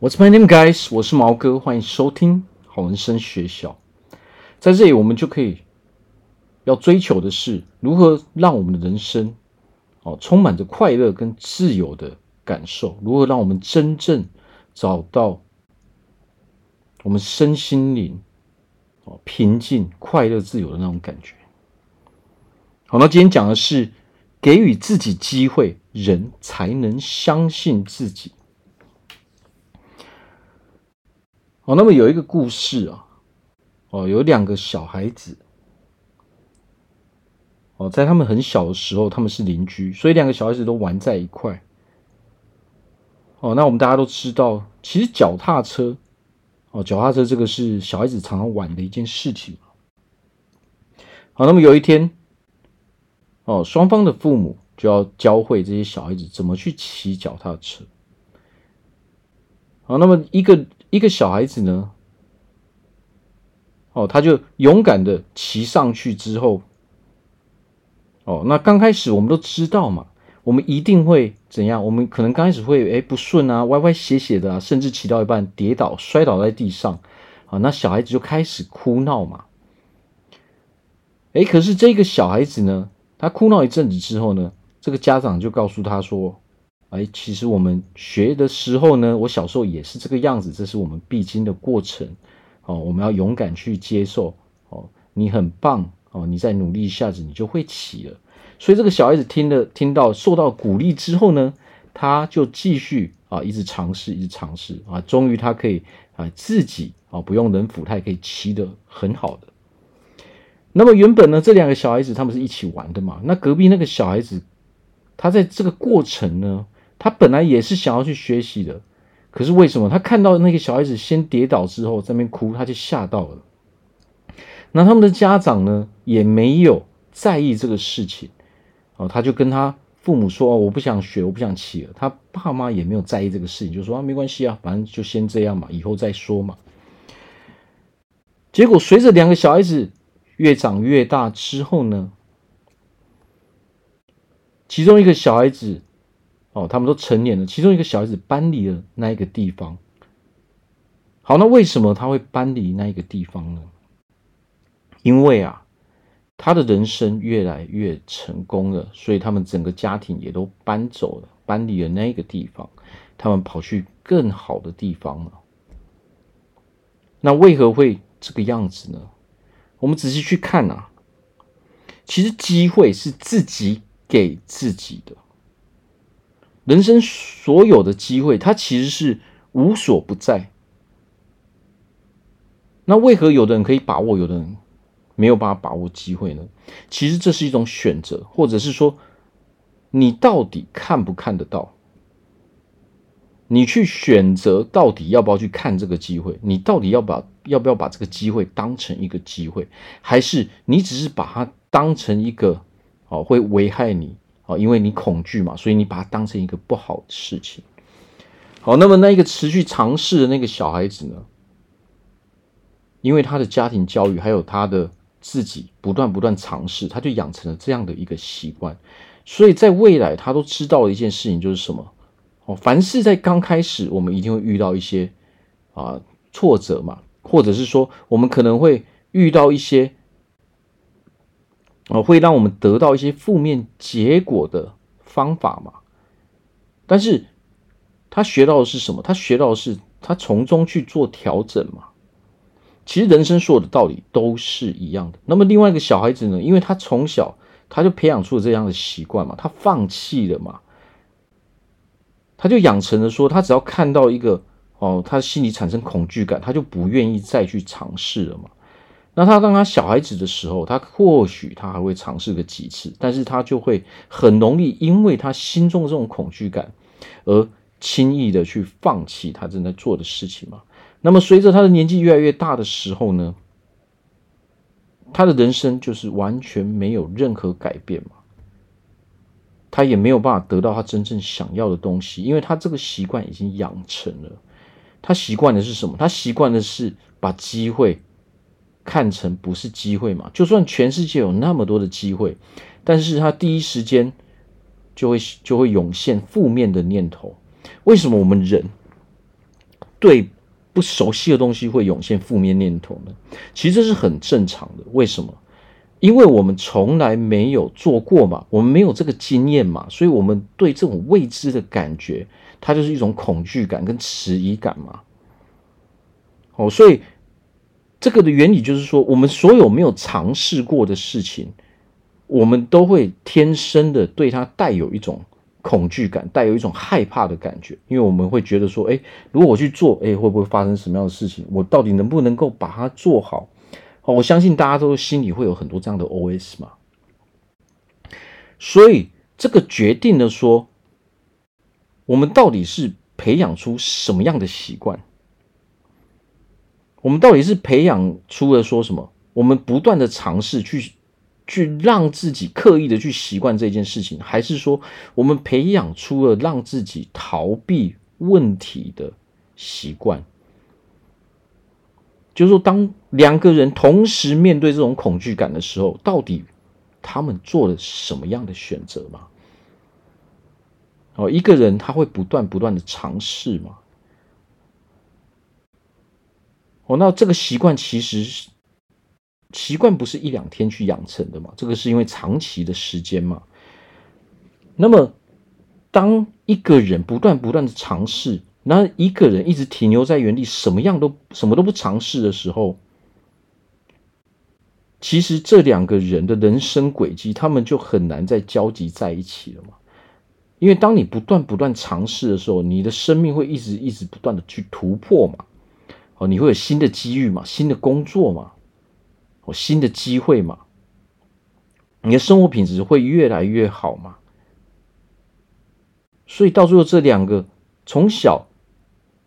What's my name, guys？我是毛哥，歡迎收聽好人生學校。在這裡，我們就可以要追求的是如何讓我們的人生哦充滿着快樂跟自由的感受。如何讓我們真正找到我們身心靈哦平靜、快樂、自由的那種感覺。好，那今天講的是給予自己機會，人才能相信自己。哦，那麼有一個故事啊，哦，有兩個小孩子，哦，在他們很小的時候，他們是鄰居，所以兩個小孩子都玩在一塊。哦，那我們大家都知道，其實腳踏車，哦，腳踏車這個是小孩子常常玩的一件事情。好，那麼有一天，哦，雙方的父母就要教會這些小孩子怎麼去騎腳踏車。好，那麼一個。一個小孩子呢，哦，他就勇敢的騎上去之後，哦，那剛開始我們都知道嘛，我們一定會怎樣？我們可能剛開始會，哎，不順啊，歪歪斜斜的，啊，甚至騎到一半跌倒，摔倒在地上，啊，哦，那小孩子就開始哭鬧嘛。哎，可是這個小孩子呢，他哭鬧一陣子之後呢，這個家長就告訴他說。哎，其實我們學的時候呢，我小時候也是這個樣子，這是我們必經的過程。哦，我們要勇敢去接受。哦，你很棒。哦，你再努力一下子，你就會騎了。所以這個小孩子聽了，聽到，受到鼓勵之後呢，他就繼續啊一直嘗試，一直嘗試啊，終於他可以啊自己啊不用人扶，他也可以騎得很好的。那麼原本呢，這兩個小孩子他們是一起玩的嘛。那隔壁那個小孩子，他在這個過程呢？他本來也是想要去學習的，可是為什麼他看到那個小孩子先跌倒之後在那邊哭，他就嚇到了。那他們的家長呢，也沒有在意這個事情。哦，他就跟他父母說：“哦，我不想學，我不想騎了。”他爸媽也沒有在意這個事情，就說，啊，“沒關係啊，反正就先這樣嘛，以後再說嘛。”結果隨着兩個小孩子越長越大之後呢，其中一個小孩子。哦，他們都成年了，其中一個小孩子搬離了那一個地方。好，那為什麼他會搬離那一個地方呢？因為啊，他的人生越來越成功了，所以他們整個家庭也都搬走了，搬離了那個地方，他們跑去更好的地方了。那為何會這個樣子呢？我們仔細去看啊，其實機會是自己給自己的。人生所有的機會，它其實是無所不在。那為何有的人可以把握，有的人沒有辦法把握機會呢？其實這是一種選擇，或者是說，你到底看不看得到？你去選擇到底要不要去看這個機會？你到底要把，要不要把這個機會當成一個機會，還是你只是把它當成一個，哦，會危害你？因為你恐懼嘛，所以你把它當成一個不好的事情。好，那麼那一個持續嘗試的那個小孩子呢？因為他的家庭教育，還有他的自己不斷不斷嘗試，他就養成了這樣的一個習慣。所以在未來，他都知道了一件事情就是什麼：哦，凡事在剛開始，我們一定會遇到一些啊、呃、挫折嘛，或者是說，我們可能會遇到一些。哦，會讓我們得到一些負面結果的方法嘛。但是，他學到的是什麼？他學到的是，他從中去做調整嘛。其實，人生所有的道理都是一樣的。那麼，另外一個小孩子呢？因為他從小他就培養出了這樣的習慣嘛，他放棄了嘛，他就養成了說，他只要看到一個哦，他心裡產生恐懼感，他就不願意再去嘗試了嘛。那他當他小孩子的時候，他或許他還會嘗試個幾次，但是他就會很容易，因為他心中的這種恐懼感，而輕易的去放棄他正在做的事情嘛。那麼隨着他的年紀越來越大的時候呢，他的人生就是完全沒有任何改變嘛。他也沒有辦法得到他真正想要的東西，因為他這個習慣已經養成了。他習慣的是什麼？他習慣的是把機會。看成不是機會嘛。就算全世界有那麼多的機會，但是他第一時間就會就會湧現負面的念頭。為什麼我們人對不熟悉的東西會湧現負面念頭呢？其實這是很正常的。為什麼？因為我們從來沒有做過嘛，我們沒有這個經驗嘛，所以我們對這種未知的感覺，它就是一種恐懼感跟遲疑感嘛。哦，所以。這個的原理就是說，我們所有沒有嘗試過的事情，我們都會天生的對它帶有一種恐懼感，帶有一種害怕的感覺，因為我們會覺得說，哎，如果我去做，哎，會不會發生什麼樣的事情？我到底能不能夠把它做好？好，我相信大家都心裡會有很多這樣的 OS 嘛。所以，這個決定了說，我們到底是培養出什麼樣的習慣。我們到底是培養出了說什麼？我們不斷的嘗試去去讓自己刻意的去習慣這件事情，還是說我們培養出了讓自己逃避問題的習慣？就是說，當兩個人同時面對這種恐懼感的時候，到底他們做了什麼樣的選擇嗎？哦，一個人他會不斷不斷的嘗試嗎？哦，那這個習慣其實是習慣，不是一兩天去養成的嘛，這個是因為長期的時間嘛。那麼，當一個人不斷不斷的嘗試，那一個人一直停留在原地，什麼樣都什麼都不嘗試的時候，其實這兩個人的人生軌跡，他們就很難再交集在一起了嘛。因為當你不斷不斷嘗試的時候，你的生命會一直一直不斷的去突破嘛。哦，你會有新的機遇嘛，新的工作嘛，哦，新的機會嘛，你的生活品質會越來越好嘛。所以到最後這兩，這兩個從小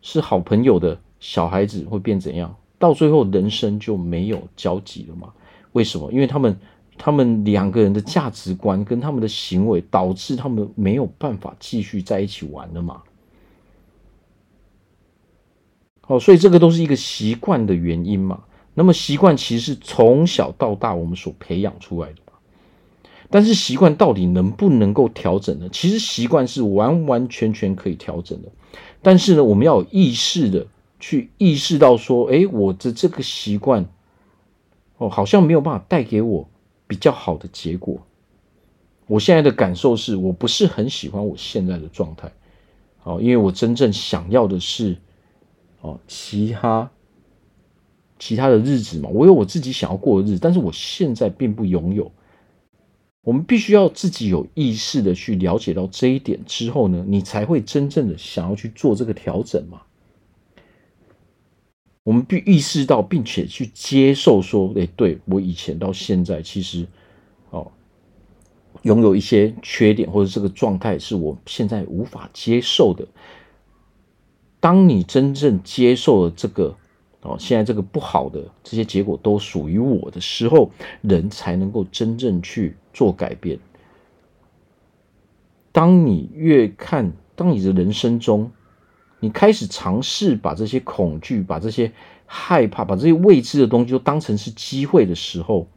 是好朋友的小孩子會變怎樣？到最後，人生就沒有交集了嘛。為什麼？因為他們他們兩個人的價值觀跟他們的行為，導致他們沒有辦法繼續在一起玩了嘛。哦，所以這個都是一個習慣的原因嘛。那麼習慣其實是從小到大我們所培養出來的嘛。但是習慣到底能不能夠調整呢？其實習慣是完完全全可以調整的。但是呢，我們要有意識的去意識到說，誒，我的這個習慣，哦，好像沒有辦法帶給我比較好的結果。我現在的感受是我不是很喜歡我現在的狀態。哦，因為我真正想要的是。哦，其他其他的日子嘛，我有我自己想要過的日子，但是我現在並不擁有。我們必須要自己有意識的去了解到這一點之後呢，你才會真正的想要去做這個調整嘛。我們必意識到，並且去接受說，哎、欸，對我以前到現在，其實哦，呃、擁有一些缺點或者這個狀態，是我現在無法接受的。當你真正接受了這個，哦，現在這個不好的這些結果都屬於我的時候，人才能夠真正去做改變。當你越看，當你的人生中，你開始嘗試把這些恐懼、把這些害怕、把這些未知的東西都當成是機會的時候，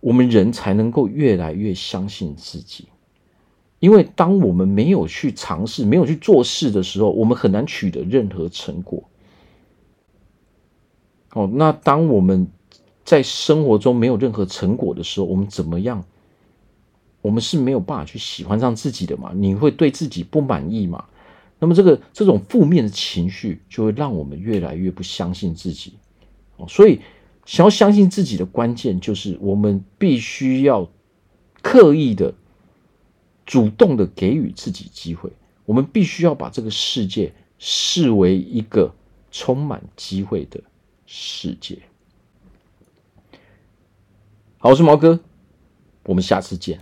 我們人才能夠越來越相信自己。因為當我們沒有去嘗試、沒有去做事的時候，我們很難取得任何成果。哦，那當我們在生活中沒有任何成果的時候，我們怎麼樣？我們是沒有辦法去喜歡上自己的嘛？你會對自己不滿意嘛？那麼，這個這種負面的情緒就會讓我們越來越不相信自己。哦，所以想要相信自己的關鍵就是，我們必須要刻意的。主動的給予自己機會，我們必須要把這個世界視為一個充滿機會的世界。好，我是毛哥，我們下次見。